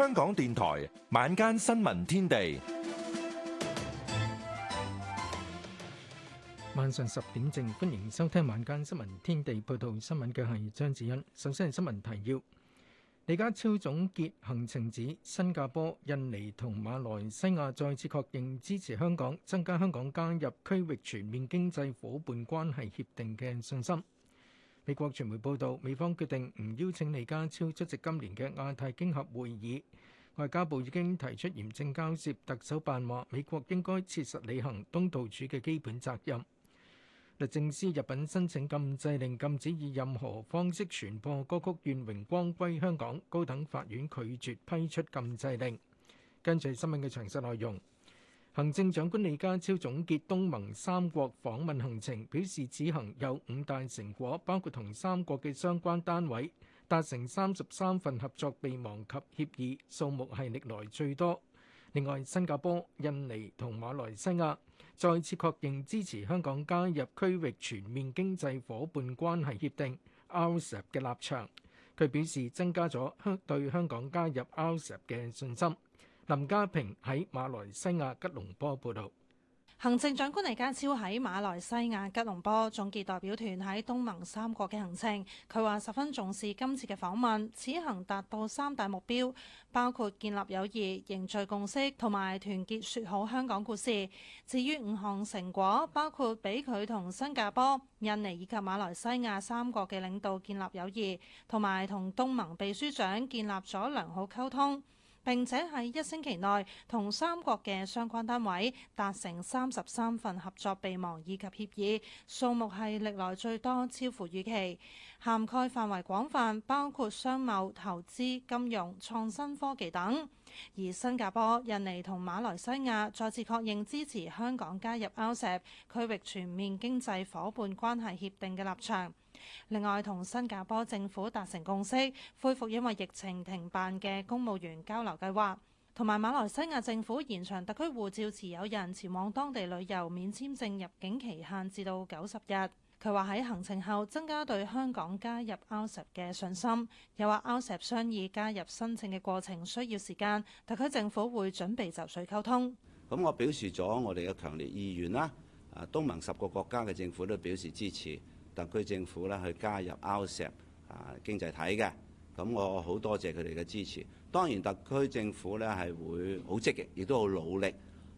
香港電台晚間新聞天地，晚上十點正，歡迎收聽晚間新聞天地。報道新聞嘅係張子欣。首先係新聞提要，李家超總結行程指，新加坡、印尼同馬來西亞再次確認支持香港，增加香港加入區域全面經濟伙伴關係協定嘅信心。美國傳媒報導，美方決定唔邀請李家超出席今年嘅亞太經合會議。外交部已經提出嚴正交涉。特首辦話，美國應該切實履行東道主嘅基本責任。律政司入禀申請禁制令，禁止以任何方式傳播歌曲《願榮光歸香港》。高等法院拒絕批出禁制令。跟住係新聞嘅詳細內容。行政長官李家超總結東盟三國訪問行程，表示此行有五大成果，包括同三國嘅相關單位達成三十三份合作備忘及協議，數目係歷來最多。另外，新加坡、印尼同馬來西亞再次確認支持香港加入區域全面經濟伙伴關係協定 （RCEP） 嘅立場。佢表示增加咗對香港加入 RCEP 嘅信心。林家平喺馬來西亞吉隆坡報道，行政長官李家超喺馬來西亞吉隆坡總結代表團喺東盟三國嘅行程。佢話十分重視今次嘅訪問，此行達到三大目標，包括建立友誼、凝聚共識同埋團結説好香港故事。至於五項成果，包括俾佢同新加坡、印尼以及馬來西亞三國嘅領導建立友誼，同埋同東盟秘書長建立咗良好溝通。並且喺一星期內同三國嘅相關單位達成三十三份合作備忘以及協議，數目係歷來最多，超乎預期，涵蓋範圍廣泛，包括商貿、投資、金融、創新科技等。而新加坡、印尼同馬來西亞再次確認支持香港加入 RCEP 區域全面經濟夥伴關係協定嘅立場。另外，同新加坡政府達成共識，恢復因為疫情停辦嘅公務員交流計劃，同埋馬來西亞政府延長特區護照持有人前往當地旅遊免簽證入境期限至到九十日。佢話喺行程後增加對香港加入 RCEP 嘅信心，又話 RCEP 商議加入申請嘅過程需要時間，特區政府會準備就緒溝通。咁我表示咗我哋嘅強烈意願啦。啊，東盟十個國家嘅政府都表示支持。特區政府咧去加入歐錫啊經濟體嘅，咁我好多謝佢哋嘅支持。當然特區政府咧係會好積極，亦都好努力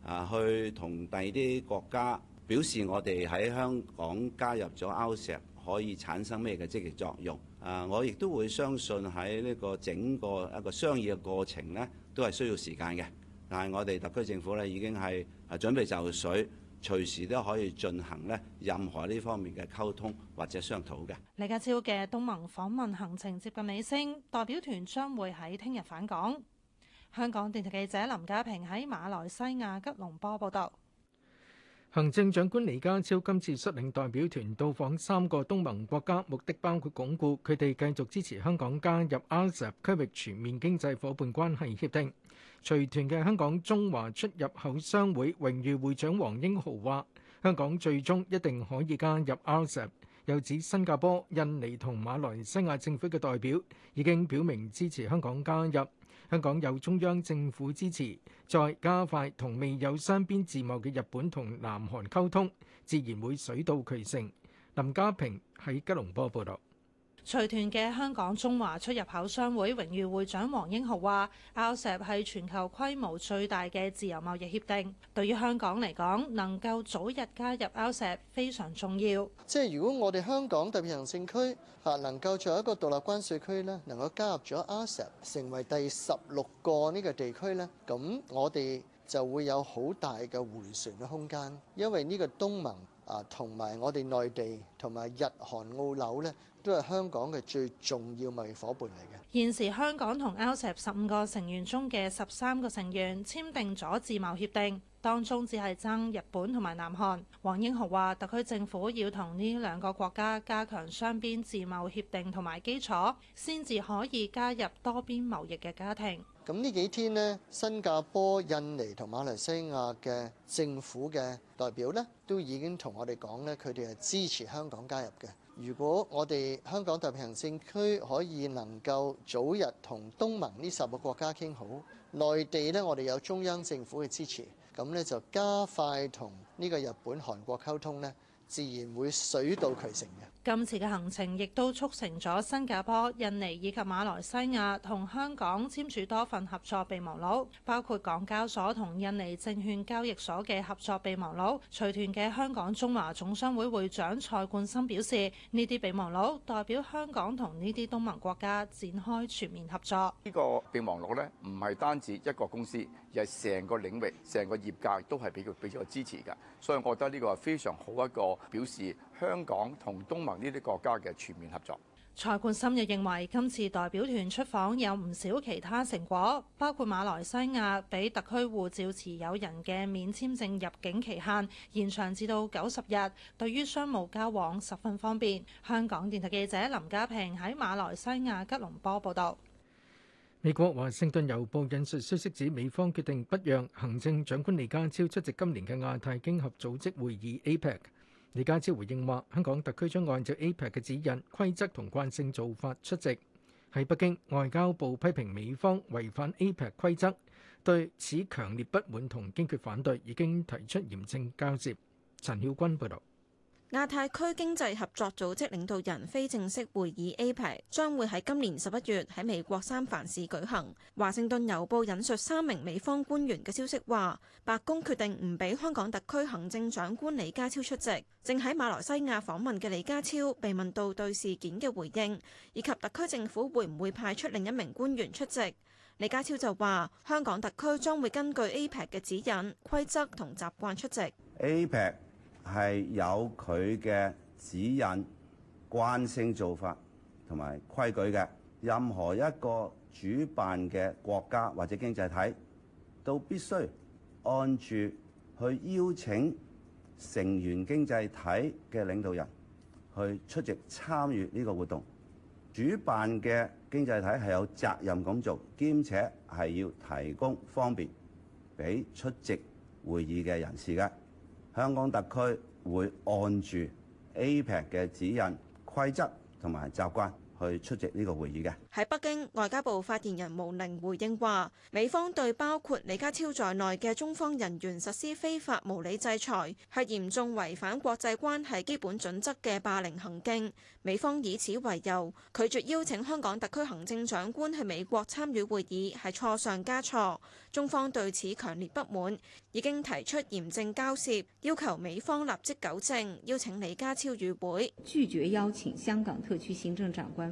啊，去同第二啲國家表示我哋喺香港加入咗歐錫可以產生咩嘅積極作用啊！我亦都會相信喺呢個整個一個商議嘅過程咧，都係需要時間嘅。但係我哋特區政府咧已經係啊準備就緒。.隨時都可以進行咧任何呢方面嘅溝通或者商討嘅。李家超嘅東盟訪問行程接近尾聲，代表團將會喺聽日返港。香港電台記者林家平喺馬來西亞吉隆坡報導。行政長官李家超今次率領代表團到訪三個東盟國家，目的包括鞏固佢哋繼續支持香港加入 a s a 區域全面經濟夥伴關係協定。隨團嘅香港中華出入口商會榮譽會長黃英豪話，香港最終一定可以加入 RCEP。又指新加坡、印尼同馬來西亞政府嘅代表已經表明支持香港加入。香港有中央政府支持，再加快同未有雙邊自貿嘅日本同南韓溝通，自然會水到渠成。林家平喺吉隆坡報道。隨團嘅香港中華出入口商會榮譽會長黃英豪話：RCEP 係全球規模最大嘅自由貿易協定，對於香港嚟講，能夠早日加入 RCEP 非常重要。即係如果我哋香港特別行政區啊，能夠做一個獨立關稅區呢，能夠加入咗 RCEP，成為第十六個呢個地區呢，咁我哋就會有好大嘅回旋嘅空間。因為呢個東盟啊，同埋我哋內地同埋日韓澳紐呢。都係香港嘅最重要貿易夥伴嚟嘅。現時香港同 RCEP 十五個成員中嘅十三個成員簽訂咗自貿協定，當中只係爭日本同埋南韓。黃英豪話：特區政府要同呢兩個國家加強雙邊自貿協定同埋基礎，先至可以加入多邊貿易嘅家庭。咁呢幾天呢，新加坡、印尼同馬來西亞嘅政府嘅代表呢，都已經同我哋講，呢佢哋係支持香港加入嘅。如果我哋香港特別行政區可以能夠早日同東盟呢十個國家傾好，內地咧，我哋有中央政府嘅支持，咁咧就加快同呢個日本、韓國溝通咧，自然會水到渠成嘅。今次嘅行程亦都促成咗新加坡、印尼以及馬來西亞同香港簽署多份合作備忘錄，包括港交所同印尼證券交易所嘅合作備忘錄，隨團嘅香港中華總商會會長蔡冠森表示，呢啲備忘錄代表香港同呢啲東盟國家展開全面合作。呢個備忘錄咧，唔係單止一個公司，而係成個領域、成個業界都係俾佢俾咗支持嘅，所以我覺得呢個係非常好一個表示。香港同東盟呢啲國家嘅全面合作。蔡冠深亦認為，今次代表團出訪有唔少其他成果，包括馬來西亞俾特區護照持有人嘅免簽證入境期限延長至到九十日，對於商務交往十分方便。香港電台記者林家平喺馬來西亞吉隆坡報導。美國華盛頓郵報引述消息指，美方決定不讓行政長官李家超出席今年嘅亞太經合組織會議 （APEC）。李家超回應話：香港特區將按照 APEC 嘅指引、規則同慣性做法出席。喺北京，外交部批評美方違反 APEC 規則，對此強烈不滿同堅決反對，已經提出嚴正交涉。陳曉君報道。亞太區經濟合作組織領導人非正式會議 APEC 將會喺今年十一月喺美國三藩市舉行。華盛頓郵報引述三名美方官員嘅消息話，白宮決定唔俾香港特區行政長官李家超出席。正喺馬來西亞訪問嘅李家超被問到對事件嘅回應，以及特區政府會唔會派出另一名官員出席。李家超就話，香港特區將會根據 APEC 嘅指引、規則同習慣出席 APEC。係有佢嘅指引、慣性做法同埋規矩嘅。任何一個主辦嘅國家或者經濟體都必須按住去邀請成員經濟體嘅領導人去出席參與呢個活動。主辦嘅經濟體係有責任咁做，兼且係要提供方便俾出席會議嘅人士嘅。香港特區會按住 APEC 嘅指引、規則同埋習慣。去出席呢個會議嘅。喺北京，外交部發言人毛寧回應話，美方對包括李家超在內嘅中方人員實施非法無理制裁，係嚴重違反國際關係基本準則嘅霸凌行徑。美方以此為由拒絕邀請香港特區行政長官去美國參與會議，係錯上加錯，中方對此強烈不滿，已經提出嚴正交涉，要求美方立即糾正，邀請李家超與會，拒絕邀請香港特區行政長官。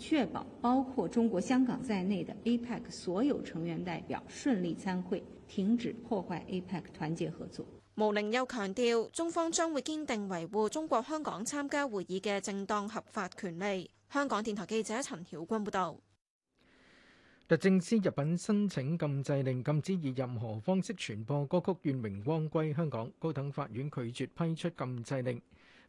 確保包括中國香港在內的 APEC 所有成員代表順利參會，停止破壞 APEC 團結合作。毛寧又強調，中方將會堅定維護中國香港參加會議嘅正當合法權利。香港電台記者陳曉君報道。律政司入稟申請禁制令，禁止以任何方式傳播歌曲《願榮光歸香港》，高等法院拒絕批出禁制令。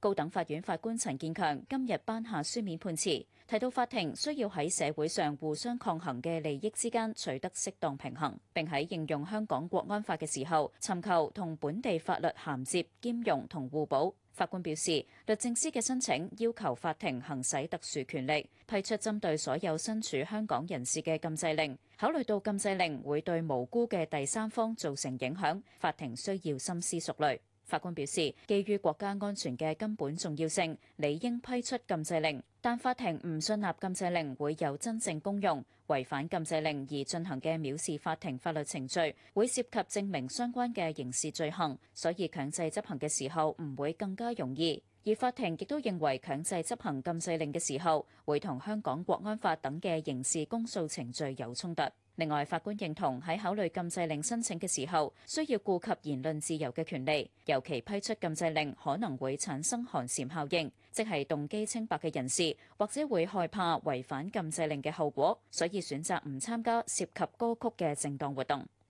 高等法院法官陳建強今日頒下書面判詞，提到法庭需要喺社會上互相抗衡嘅利益之間取得適當平衡，並喺應用香港國安法嘅時候，尋求同本地法律銜接、兼容同互補。法官表示，律政司嘅申請要求法庭行使特殊權力，批出針對所有身處香港人士嘅禁制令。考慮到禁制令會對無辜嘅第三方造成影響，法庭需要深思熟慮。法官表示，基於國家安全嘅根本重要性，理應批出禁制令。但法庭唔信納禁制令會有真正功用，違反禁制令而進行嘅藐視法庭法律程序，會涉及證明相關嘅刑事罪行，所以強制執行嘅時候唔會更加容易。而法庭亦都認為，強制執行禁制令嘅時候，會同香港國安法等嘅刑事公訴程序有衝突。另外，法官認同喺考慮禁制令申請嘅時候，需要顧及言論自由嘅權利，尤其批出禁制令可能會產生寒蟬效應，即係動機清白嘅人士或者會害怕違反禁制令嘅後果，所以選擇唔參加涉及歌曲嘅正當活動。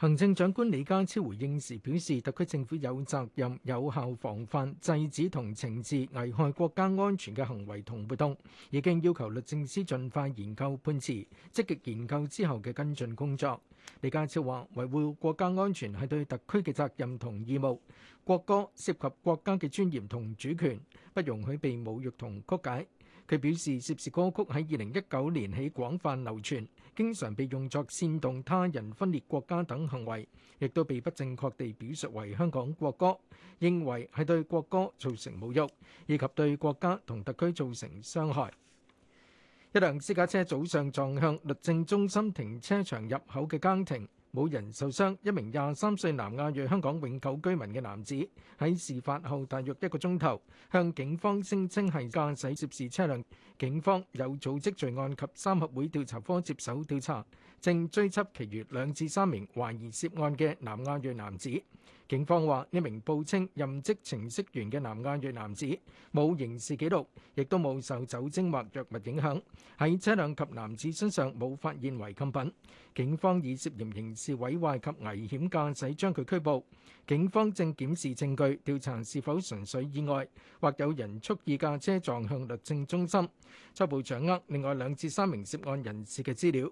行政長官李家超回應時表示，特區政府有責任有效防範、制止同懲治危害國家安全嘅行為同活動，已經要求律政司盡快研究判詞，積極研究之後嘅跟進工作。李家超話：維護國家安全係對特區嘅責任同義務，國歌涉及國家嘅尊嚴同主權，不容許被侮辱同曲解。佢表示，涉事歌曲喺二零一九年起廣泛流傳，經常被用作煽動他人分裂國家等行為，亦都被不正確地表述為香港國歌，認為係對國歌造成侮辱，以及對國家同特區造成傷害。一輛私家車早上撞向律政中心停車場入口嘅更亭。冇人受傷，一名廿三歲南亞裔香港永久居民嘅男子喺事發後大約一個鐘頭向警方聲稱係駕駛涉事車輛，警方有組織罪案及三合會調查科接手調查。正追緝其餘兩至三名懷疑涉案嘅南亞裔男子。警方話，一名報稱任職程式員嘅南亞裔男子冇刑事記錄，亦都冇受酒精或藥物影響。喺車輛及男子身上冇發現違禁品。警方以涉嫌刑事毀壞及危險駕駛將佢拘捕。警方正檢視證據，調查是否純粹意外，或有人蓄意駕車撞向律政中心。初步掌握另外兩至三名涉案人士嘅資料。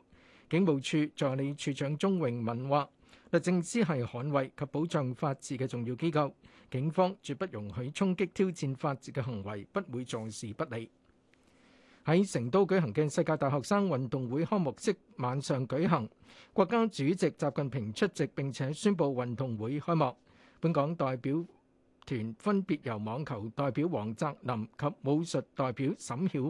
警務處助理處長鍾榮敏話：律政司係捍衛及保障法治嘅重要機構，警方絕不容許衝擊挑戰法治嘅行為，不會坐視不理。喺成都舉行嘅世界大學生運動會開幕式晚上舉行，國家主席習近平出席並且宣布運動會開幕。本港代表團分別由網球代表黃澤林及武術代表沈曉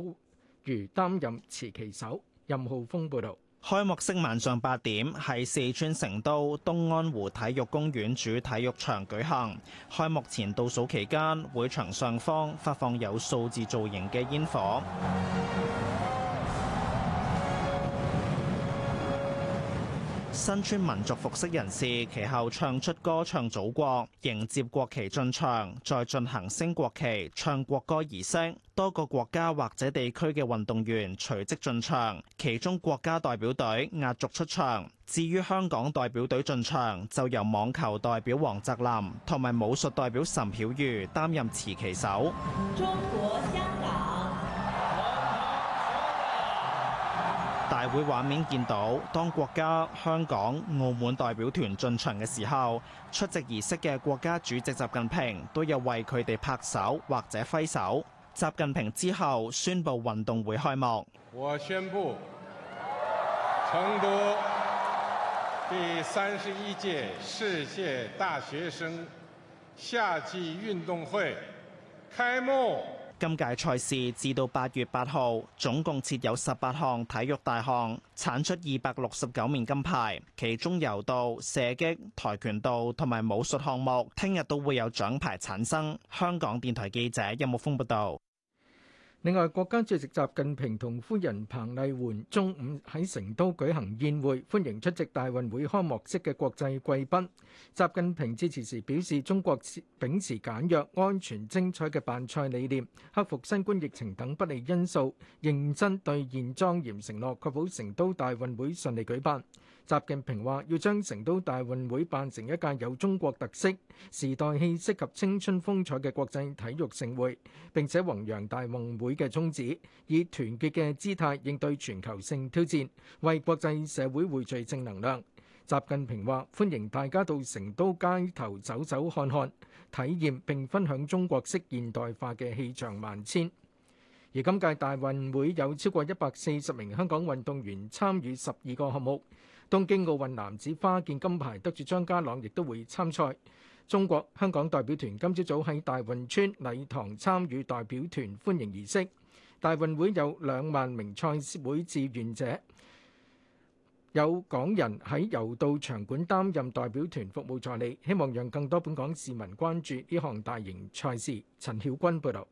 如擔任持旗手。任浩峰報道。開幕式晚上八點，喺四川成都東安湖體育公園主體育場舉行。開幕前倒數期間，會場上方發放有數字造型嘅煙火。身穿民族服飾人士其後唱出歌唱祖國，迎接國旗進場，再進行升國旗、唱國歌儀式。多個國家或者地區嘅運動員隨即進場，其中國家代表隊壓軸出場。至於香港代表隊進場，就由網球代表黃澤林同埋武術代表岑曉瑜擔任持旗手。中國大會畫面見到，當國家香港、澳門代表團進場嘅時候，出席儀式嘅國家主席習近平都有為佢哋拍手或者揮手。習近平之後宣布運動會開幕。我宣布，成都第三十一屆世界大學生夏季運動會開幕。今屆賽事至到八月八號，總共設有十八項體育大項，產出二百六十九面金牌。其中，柔道、射擊、跆拳道同埋武術項目，聽日都會有獎牌產生。香港電台記者任木峰報道。另外，國家主席習近平同夫人彭麗媛中午喺成都舉行宴會，歡迎出席大運會開幕式嘅國際貴賓。習近平致辭時表示，中國秉持簡約、安全、精彩嘅辦賽理念，克服新冠疫情等不利因素，認真兌現莊嚴承諾，確保成都大運會順利舉辦。習近平話：要將成都大運會辦成一屆有中國特色、時代氣息及青春風采嘅國際體育盛會，並且弘揚大運會嘅宗旨，以團結嘅姿態應對全球性挑戰，為國際社會匯聚正能量。習近平話：歡迎大家到成都街頭走走看看，體驗並分享中國式現代化嘅氣象萬千。而今屆大運會有超過一百四十名香港運動員參與十二個項目。東京奧運男子花劍金牌得主張家朗亦都會參賽。中國香港代表團今朝早喺大運村禮堂參與代表團歡迎儀式。大運會有兩萬名賽事會志願者，有港人喺柔道場館擔任代表團服務助理，希望讓更多本港市民關注呢項大型賽事。陳曉君報道。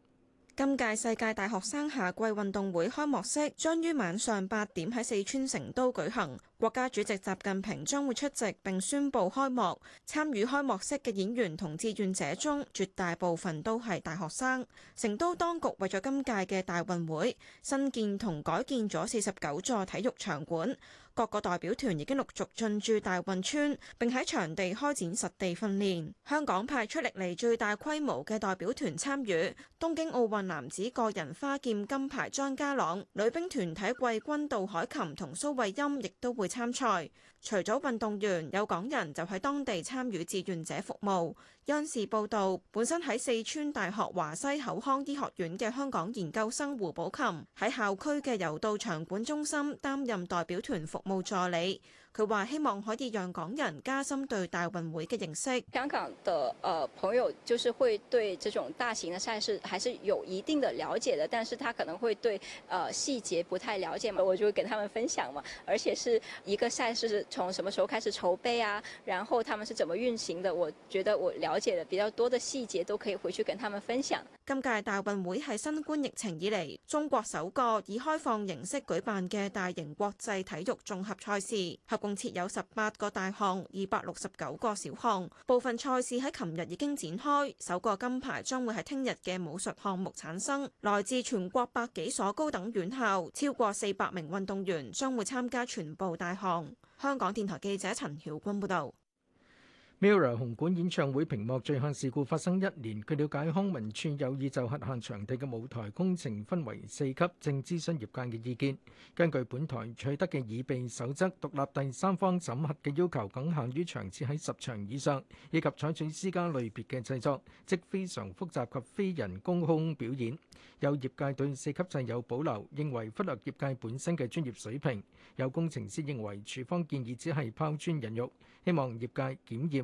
今屆世界大學生夏季運動會開幕式將於晚上八點喺四川成都舉行，國家主席習近平將會出席並宣布開幕。參與開幕式嘅演員同志願者中，絕大部分都係大學生。成都當局為咗今屆嘅大運會，新建同改建咗四十九座體育場館。各個代表團已經陸續進駐大運村，並喺場地開展實地訓練。香港派出歷嚟最大規模嘅代表團參與，東京奧運男子個人花劍金牌張家朗、女兵團體季軍杜海琴同蘇慧音亦都會參賽。除咗運動員，有港人就喺當地參與志願者服務。央視報道，本身喺四川大學華西口腔醫學院嘅香港研究生胡寶琴喺校區嘅柔道場館中心擔任代表團服務助理。佢話希望可以讓港人加深對大運會嘅認識。香港的誒朋友就是會對這種大型的賽事還是有一定的了解的，但是他可能會對誒、呃、細節不太了解嘛，我就會跟他們分享嘛。而且是一個賽事是從什麼時候開始籌備啊，然後他們是怎麼運行的，我覺得我了解的比較多的細節都可以回去跟他們分享。今屆大運會係新冠疫情以嚟中國首個以開放形式舉辦嘅大型國際體育綜合賽事。共設有十八個大項，二百六十九個小項，部分賽事喺琴日已經展開，首個金牌將會喺聽日嘅武術項目產生。來自全國百幾所高等院校，超過四百名運動員將會參加全部大項。香港電台記者陳曉君報道。Mirror 紅館演唱會屏幕墜下事故發生一年，據了解康文署有意就轄下場地嘅舞台工程分為四級，正諮詢業界嘅意見。根據本台取得嘅已備守則，獨立第三方審核嘅要求僅限於場次喺十場以上，以及採取私家類別嘅製作，即非常複雜及非人工控表演。有業界對四級制有保留，認為忽略業界本身嘅專業水平。有工程師認為處方建議只係拋磚引玉，希望業界檢驗。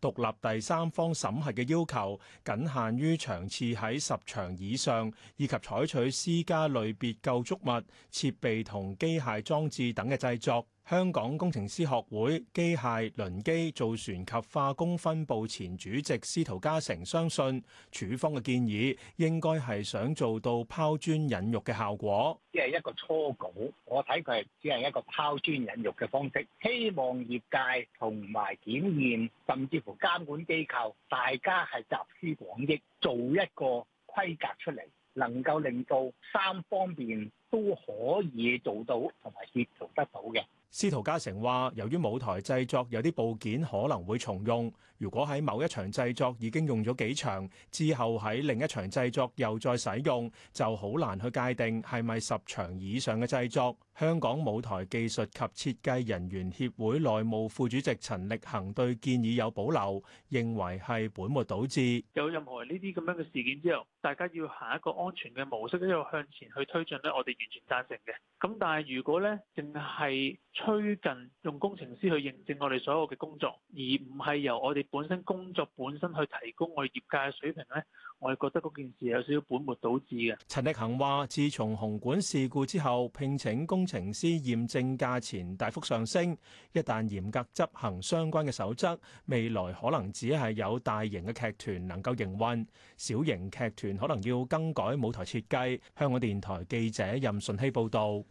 獨立第三方審核嘅要求，僅限於場次喺十場以上，以及採取私家類別、構築物、設備同機械裝置等嘅製作。香港工程師學會機械、輪機、造船及化工分部前主席司徒嘉誠相信，處方嘅建議應該係想做到拋磚引玉嘅效果。即係一個初稿，我睇佢只係一個拋磚引玉嘅方式。希望業界同埋檢驗，甚至乎監管機構，大家係集思廣益，做一個規格出嚟，能夠令到三方面都可以做到同埋協助得到嘅。司徒嘉誠話，由於舞台製作有啲部件可能會重用。如果喺某一場製作已經用咗幾場，之後喺另一場製作又再使用，就好難去界定係咪十場以上嘅製作。香港舞台技術及設計人員協會內務副主席陳力行對建議有保留，認為係本末倒置。有任何呢啲咁樣嘅事件之後，大家要行一個安全嘅模式一路向前去推進咧，我哋完全贊成嘅。咁但係如果咧，淨係催近用工程師去認證我哋所有嘅工作，而唔係由我哋。本身工作本身去提高我業界嘅水平咧，我係覺得嗰件事有少少本末倒置嘅。陳力恒話自從紅館事故之後聘請工程師驗證價，價錢大幅上升，一旦嚴格執行相關嘅守則，未來可能只係有大型嘅劇團能夠營運，小型劇團可能要更改舞台設計。香港電台記者任順希報道。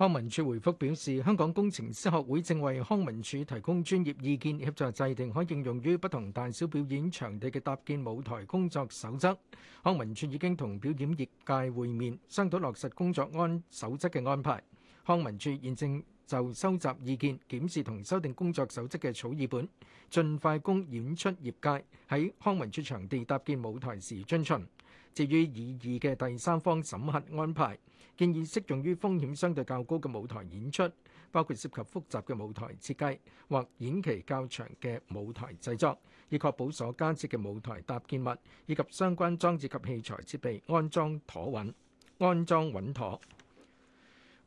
康文署回覆表示，香港工程師學會正為康文署提供專業意見，協助制定可應用於不同大小表演場地嘅搭建舞台工作守則。康文署已經同表演業界會面，商討落實工作安守則嘅安排。康文署現正就收集意見檢視同修訂工作守則嘅草擬本，盡快供演出業界喺康文署場地搭建舞台時遵循。至於異議嘅第三方審核安排。建議適用於風險相對較高嘅舞台演出，包括涉及複雜嘅舞台設計，或演期較長嘅舞台製作，以確保所加設嘅舞台搭建物，以及相關裝置及器材設備安裝妥穩、安裝穩妥。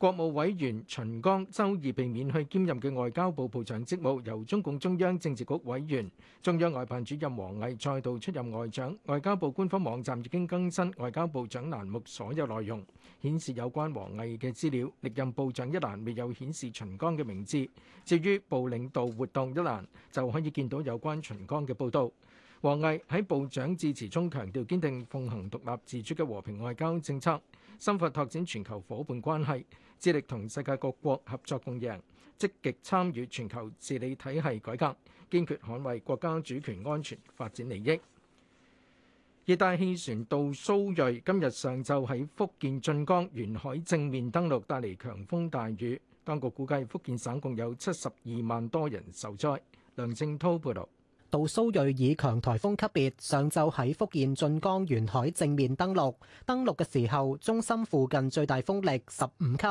國務委員秦剛周二被免去兼任嘅外交部部長職務，由中共中央政治局委員、中央外辦主任王毅再度出任外長。外交部官方網站已經更新外交部長欄目所有內容，顯示有關王毅嘅資料。歷任部長一欄未有顯示秦剛嘅名字。至於部領導活動一欄，就可以見到有關秦剛嘅報導。王毅喺部長致辭中強調，堅定奉行獨立自主嘅和平外交政策，深化拓展全球夥伴關係，致力同世界各國合作共贏，積極參與全球治理體系改革，堅決捍衛國家主權安全發展利益。熱帶氣旋杜蘇芮今日上晝喺福建晉江沿海正面登陸，帶嚟強風大雨。當局估計福建省共有七十二萬多人受災。梁正滔報導。杜蘇芮以強颱風級別，上晝喺福建晉江沿海正面登陸，登陸嘅時候中心附近最大風力十五級。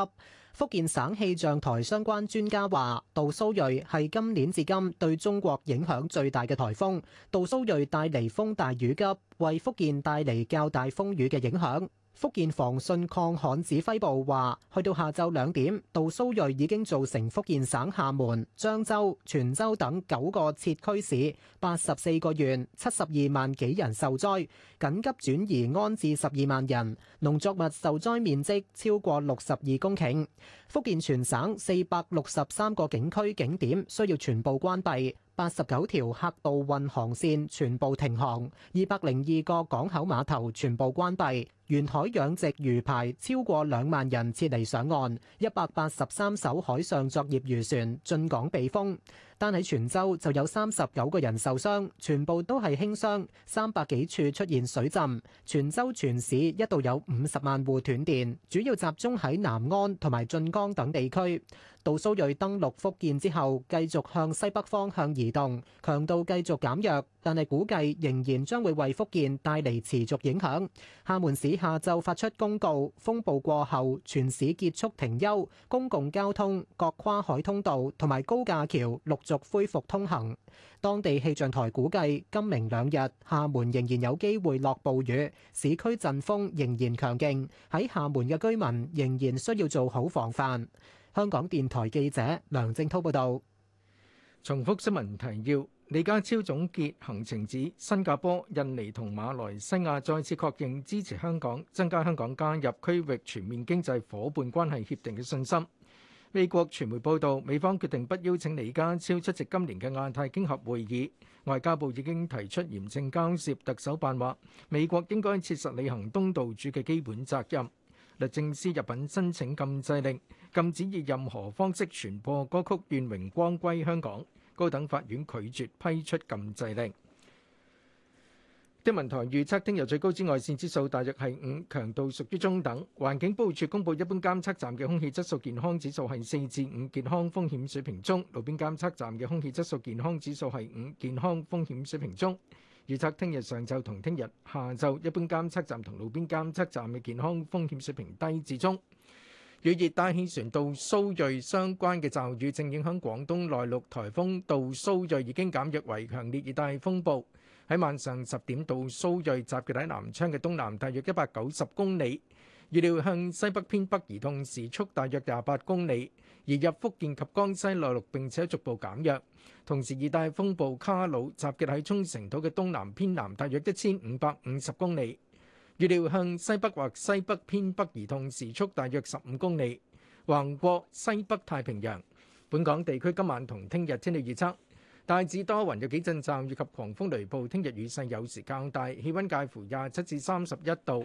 福建省氣象台相關專家話，杜蘇芮係今年至今對中國影響最大嘅颱風，杜蘇芮帶嚟風大雨急，為福建帶嚟較大風雨嘅影響。福建防汛抗旱指揮部話，去到下晝兩點，杜蘇芮已經造成福建省廈門、漳州、泉州等九個設區市八十四個縣七十二萬幾人受災，緊急轉移安置十二萬人，農作物受災面積超過六十二公頃。福建全省四百六十三個景區景點需要全部關閉。八十九條客渡運航線全部停航，二百零二個港口碼頭全部關閉，沿海養殖漁排超過兩萬人撤離上岸，一百八十三艘海上作業漁船進港避風。單喺泉州就有三十九個人受傷，全部都係輕傷，三百幾處出現水浸，泉州全市一度有五十萬戶斷電，主要集中喺南安同埋晉江等地區。杜蘇芮登陸福建之後，繼續向西北方向移動，強度繼續減弱。但係估計仍然將會為福建帶嚟持續影響。廈門市下晝發出公告，風暴過後全市結束停休，公共交通、各跨海通道同埋高架橋陸續恢復通行。當地氣象台估計今明兩日廈門仍然有機會落暴雨，市區陣風仍然強勁，喺廈門嘅居民仍然需要做好防範。香港電台記者梁正滔報道。重複新聞提要。李家超總結行程指，新加坡、印尼同馬來西亞再次確認支持香港，增加香港加入區域全面經濟夥伴關係協定嘅信心。美國傳媒報道，美方決定不邀請李家超出席今年嘅亞太經合會議。外交部已經提出嚴正交涉，特首辦話，美國應該切實履行東道主嘅基本責任。律政司入禀申請禁制令，禁止以任何方式傳播歌曲《願榮光歸香港》。高等法院拒絕批出禁制令。天文台預測聽日最高紫外線指數大約係五，強度屬於中等。環境保護署公布一般監測站嘅空氣質素健康指數係四至五，健康風險水平中；路邊監測站嘅空氣質素健康指數係五，健康風險水平中。預測聽日上晝同聽日下晝，一般監測站同路邊監測站嘅健康風險水平低至中。與熱帶氣旋杜蘇芮相關嘅驟雨正影響廣東內陸。颱風杜蘇芮已經減弱為強烈熱帶風暴，喺晚上十點，杜蘇芮集結喺南昌嘅東南，大約一百九十公里。預料向西北偏北移動，時速大約廿八公里，而入福建及江西內陸，並且逐步減弱。同時，熱帶風暴卡努集結喺沖繩島嘅東南偏南，大約一千五百五十公里。預料向西北或西北偏北移動，時速大約十五公里，橫過西北太平洋。本港地區今晚同聽日天氣預測大致多雲，有幾陣驟雨及狂風雷暴。聽日雨勢有時較大，氣溫介乎廿七至三十一度，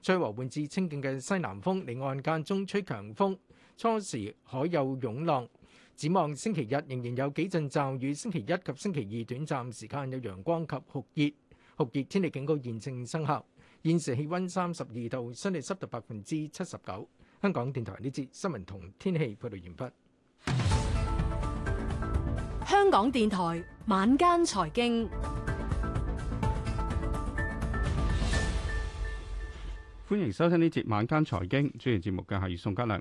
吹和緩至清勁嘅西南風，離岸間中吹強風，初時海有湧浪。展望星期日仍然有幾陣驟雨，星期一及星期二短暫時間有陽光及酷熱。酷熱天氣警告現正生效。現時氣温三十二度，相對濕度百分之七十九。香港電台呢節新聞同天氣報道完畢。香港電台晚間財經，歡迎收聽呢節晚間財經。主持節目嘅係宋嘉良。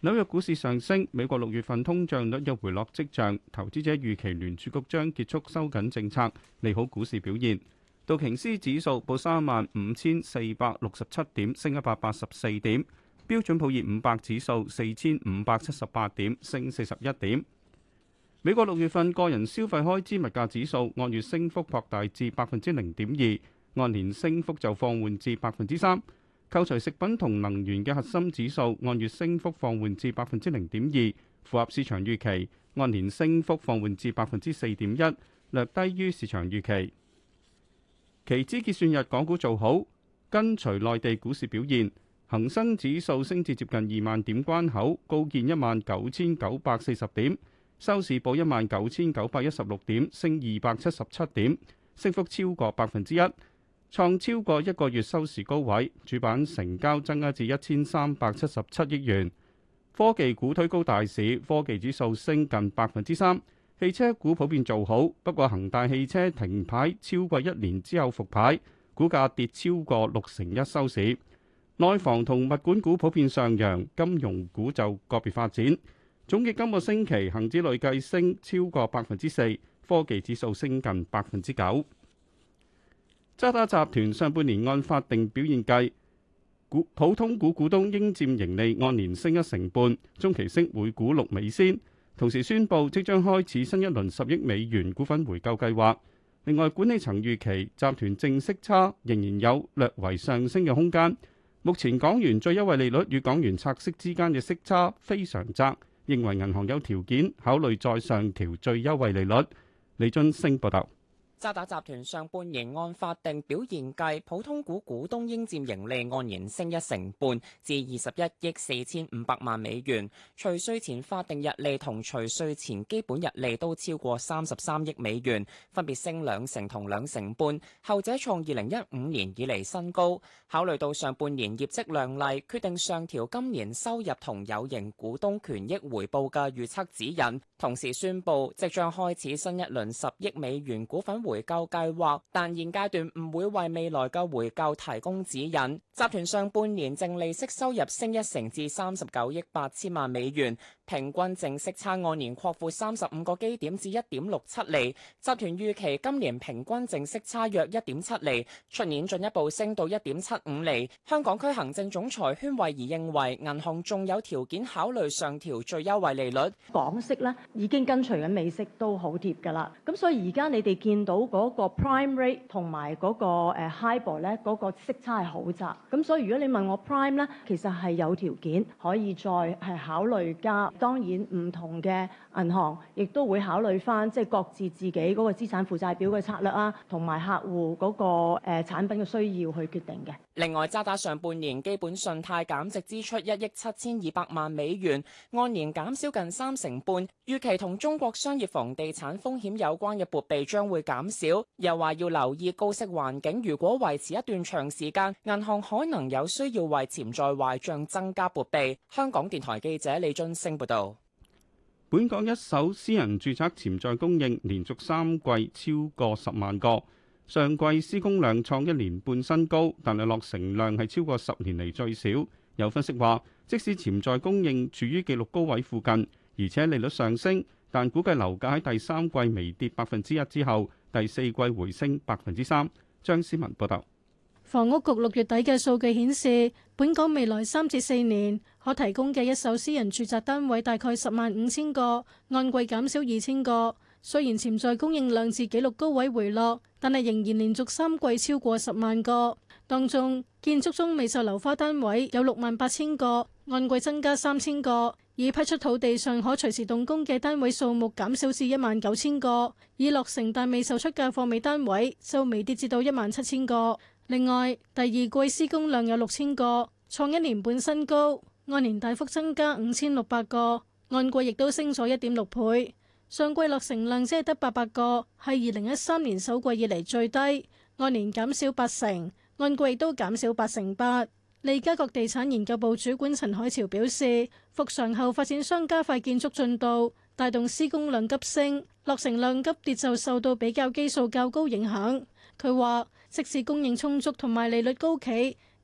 紐約股市上升，美國六月份通脹率有回落跡象，投資者預期聯儲局將結束收緊政策，利好股市表現。道瓊斯指數報三萬五千四百六十七點，升一百八十四點。標準普爾五百指數四千五百七十八點，升四十一點。美國六月份個人消費開支物價指數按月升幅擴大至百分之零點二，按年升幅就放緩至百分之三。扣除食品同能源嘅核心指數按月升幅放緩至百分之零點二，符合市場預期；按年升幅放緩至百分之四點一，略低於市場預期。期指結算日，港股做好，跟隨內地股市表現。恒生指數升至接近二萬點關口，高見一萬九千九百四十點，收市報一萬九千九百一十六點，升二百七十七點，升幅超過百分之一，創超過一個月收市高位。主板成交增加至一千三百七十七億元，科技股推高大市，科技指數升近百分之三。汽車股普遍做好，不過恒大汽車停牌超過一年之後復牌，股價跌超過六成一收市。內房同物管股普遍上揚，金融股就個別發展。總結今個星期，恒指累計升超過百分之四，科技指數升近百分之九。渣打集團上半年按法定表現計，股普通股股東應佔盈利按年升一成半，中期息每股六美仙。同時宣布，即將開始新一輪十億美元股份回購計劃。另外，管理層預期集團淨息差仍然有略為上升嘅空間。目前港元最優惠利率與港元拆息之間嘅息差非常窄，認為銀行有條件考慮再上調最優惠利率。李俊升報道。渣打集團上半年按法定表現計，普通股股東應占盈利按年升一成半，至二十一億四千五百萬美元。除稅前法定日利同除稅前基本日利都超過三十三億美元，分別升兩成同兩成半，後者創二零一五年以嚟新高。考慮到上半年業績亮麗，決定上調今年收入同有形股東權益回報嘅預測指引，同時宣布即將開始新一輪十億美元股份。回購計劃，但現階段唔會為未來嘅回購提供指引。集團上半年淨利息收入升一成至三十九億八千萬美元。平均淨息差按年擴闊三十五個基點至一點六七厘。集團預期今年平均淨息差約一點七厘，出年進一步升到一點七五厘。香港區行政總裁禤惠儀認為，銀行仲有條件考慮上調最優惠利率。港息咧已經跟隨緊美息都好貼㗎啦，咁所以而家你哋見到嗰個 prime rate 同埋嗰個誒 HIBOR 咧嗰個息差係好窄，咁所以如果你問我 prime 咧，其實係有條件可以再係考慮加。當然，唔同嘅銀行亦都會考慮翻，即係各自自己嗰個資產負債表嘅策略啊，同埋客戶嗰個誒產品嘅需要去決定嘅。另外，渣打上半年基本信貸減值支出一億七千二百萬美元，按年減少近三成半。預期同中國商業房地產風險有關嘅撥備將會減少。又話要留意高息環境，如果維持一段長時間，銀行可能有需要為潛在壞帳增加撥備。香港電台記者李津星報道。本港一手私人住宅潛在供應連續三季超過十萬個，上季施工量創一年半新高，但係落成量係超過十年嚟最少。有分析話，即使潛在供應處於紀錄高位附近，而且利率上升，但估計樓價喺第三季微跌百分之一之後，第四季回升百分之三。張思文報道。房屋局六月底嘅數據顯示，本港未來三至四年可提供嘅一手私人住宅單位大概十萬五千個，按季減少二千個。雖然潛在供應量自紀錄高位回落，但係仍然連續三季超過十萬個。當中，建築中未售樓花單位有六萬八千個，按季增加三千個；已批出土地上可隨時動工嘅單位數目減少至一萬九千個，已落成但未售出嘅貨尾單位就微跌至到一萬七千個。另外，第二季施工量有六千個，創一年半新高，按年大幅增加五千六百個，按季亦都升咗一點六倍。上季落成量只係得八百個，係二零一三年首季以嚟最低，按年減少八成，按季都減少八成八。利嘉閣地產研究部主管陳海潮表示，復常後發展商加快建築進度，帶動施工量急升，落成量急跌就受到比較基數較高影響，佢話。即使供應充足同埋利率高企，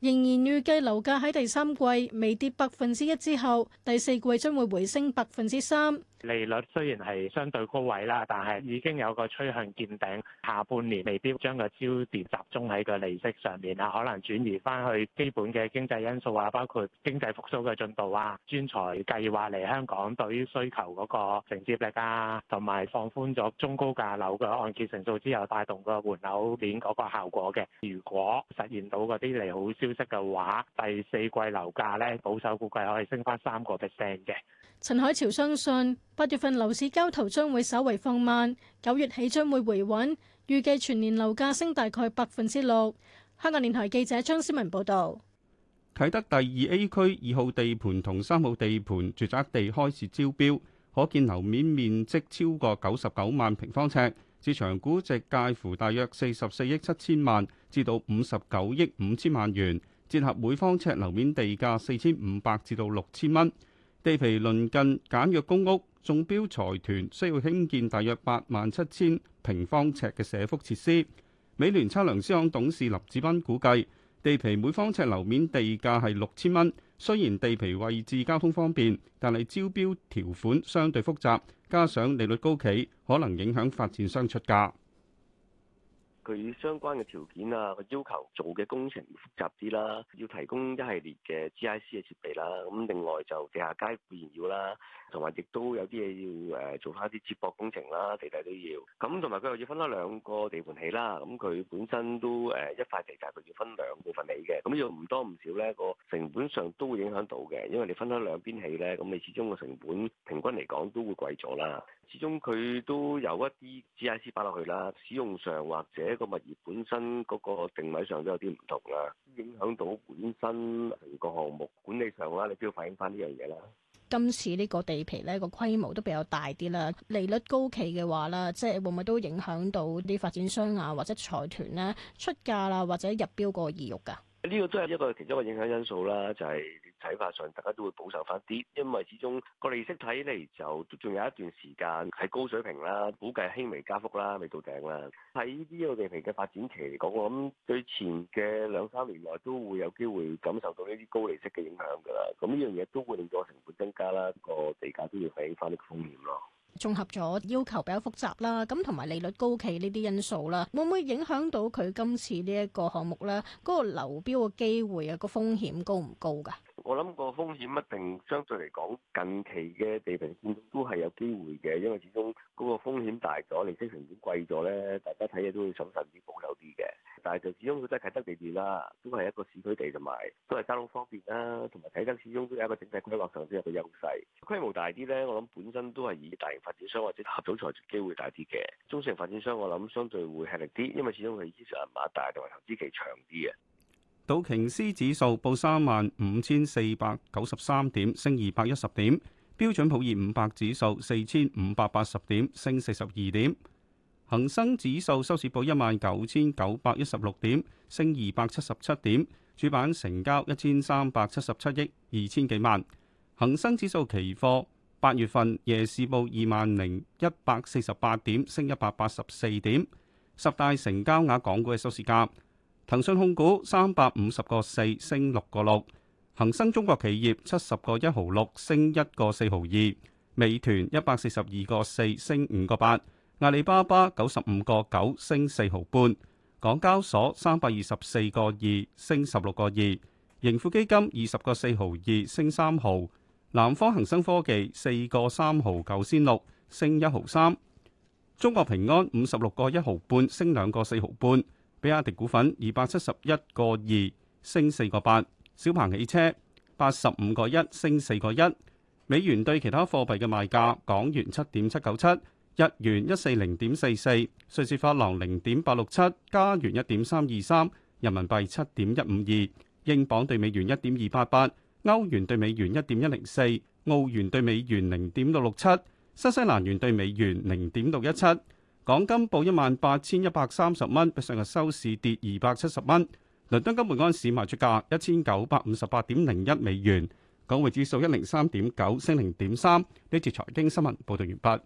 仍然預計樓價喺第三季微跌百分之一之後，第四季將會回升百分之三。利率雖然係相對高位啦，但係已經有個趨向見頂。下半年未必將個焦點集中喺個利息上面啊，可能轉移翻去基本嘅經濟因素啊，包括經濟復甦嘅進度啊、專才計劃嚟香港對於需求嗰個承接力啊，同埋放寬咗中高價樓嘅按揭成數之後，帶動個換樓面嗰個效果嘅。如果實現到嗰啲利好消息嘅話，第四季樓價咧保守估計可以升翻三個 percent 嘅。陳海潮相信。八月份樓市交投將會稍為放慢，九月起將會回穩。預計全年樓價升大概百分之六。香港電台記者張思文報導。啟德第二 A 區二號地盤同三號地盤住宅地開始招標，可見樓面面積超過九十九萬平方尺，市場估值介乎大約四十四億七千萬至到五十九億五千萬元，折合每方尺樓面地價四千五百至到六千蚊。地皮鄰近簡約公屋。中標財團需要興建大約八萬七千平方尺嘅社福設施。美聯測量師行董事林志斌估計，地皮每方尺樓面地價係六千蚊。雖然地皮位置交通方便，但係招標條款相對複雜，加上利率高企，可能影響發展商出價。佢相關嘅條件啊，要求做嘅工程要複雜啲啦，要提供一系列嘅 GIC 嘅設備啦，咁另外就地下街固然要啦，同埋亦都有啲嘢要誒做翻一啲接駁工程啦，地底都要。咁同埋佢又要分開兩個地盤起啦，咁佢本身都誒一塊地就係佢要分兩部分起嘅，咁要唔多唔少咧個成本上都會影響到嘅，因為你分開兩邊起咧，咁你始終個成本平均嚟講都會貴咗啦。始終佢都有一啲 GIC 擺落去啦，使用上或者個物業本身嗰個定位上都有啲唔同啦，影響到本身成個項目管理上啦，你都要反映翻呢樣嘢啦。今次呢個地皮咧個規模都比較大啲啦，利率高企嘅話啦，即係會唔會都影響到啲發展商啊或者財團咧出價啦或者入標個意欲㗎？呢個都係一個其中一個影響因素啦，就係睇法上，大家都會保守翻啲，因為始終個利息睇嚟就仲有一段時間喺高水平啦，估計輕微加幅啦，未到頂啦。喺呢個地皮嘅發展期嚟講，我諗最前嘅兩三年內都會有機會感受到呢啲高利息嘅影響㗎啦。咁呢樣嘢都會令到成本增加啦，個地價都要反映翻呢個風險咯。綜合咗要求比較複雜啦，咁同埋利率高企呢啲因素啦，會唔會影響到佢今次呢一個項目咧？嗰個流標嘅機會啊，個風險高唔高噶？我諗個風險一定相對嚟講，近期嘅地平綫都係有機會嘅，因為始終嗰個風險大咗， 利息成本貴咗呢，大家睇嘢都會審慎啲、保守啲嘅。但係就始終佢都係啟德地段啦，都係一個市區地同埋，都係交通方便啦，同埋啟德始終都有一個整體規劃上都有個優勢。規模大啲呢，我諗本身都係以大型發展商或者合組財機會大啲嘅。中小型發展商我諗相對會吃力啲，因為始終佢哋資產馬大同埋投資期長啲嘅。道瓊斯指數報三萬五千四百九十三點，升二百一十點；標準普爾五百指數四千五百八十點，升四十二點；恒生指數收市報一萬九千九百一十六點，升二百七十七點。主板成交一千三百七十七億二千幾萬。恒生指數期貨八月份夜市報二萬零一百四十八點，升一百八十四點。十大成交額港股嘅收市價。騰訊控股三百五十個四升六個六，恒生中國企業七十個一毫六升一個四毫二，美團一百四十二個四升五個八，阿里巴巴九十五個九升四毫半，港交所三百二十四個二升十六個二，盈富基金二十個四毫二升三毫，南方恒生科技四個三毫九仙六升一毫三，中國平安五十六個一毫半升兩個四毫半。比亞迪股份二百七十一個二升四個八，小鵬汽車八十五個一升四個一。美元對其他貨幣嘅賣價：港元七點七九七，日元一四零點四四，瑞士法郎零點八六七，加元一點三二三，人民幣七點一五二，英鎊對美元一點二八八，歐元對美元一點一零四，澳元對美元零點六六七，新西蘭元對美元零點六一七。港金報一萬八千一百三十蚊，比上日收市跌二百七十蚊。倫敦金每盎司賣出價一千九百五十八點零一美元。港匯指數一零三點九升零點三。呢次財經新聞報道完畢。